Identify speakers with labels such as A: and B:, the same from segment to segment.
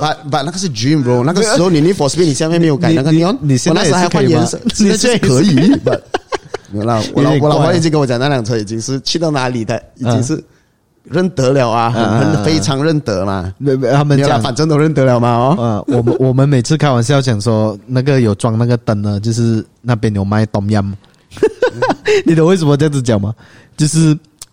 A: 把把那個是 Dream Bro 那個時候你你 for speed 你下面沒有改 you, 那個、neon? 你要你現在可以我那時候還換顏色你現在可以吧 我老 yeah, 我老婆已經跟我講那輛車已經是去到哪裡的已經是認得了啊很、啊、很非常認得啦他們家反
B: 正都認得了嘛哦、啊、我們我們每次開玩笑講說那個有裝那個燈的就是那邊有賣冬炎。 你懂為什麼這樣子講嗎就是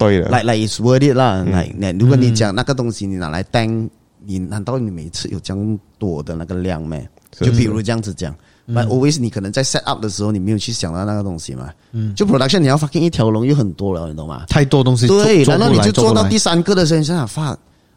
A: 對啦，like like it's worth it 啦 like like 如果你講那個東西你拿來當、嗯、你難道你每次有這樣多的那個量嗎？是是，就比如這樣子講、嗯、，always 你可能在 set up 的時候，你沒有去想到那個東西嘛，嗯、就 production 你要 fucking 一條龍，有很多了你懂嗎？太多東西，對，然後你就做到第三個的時候，你想想發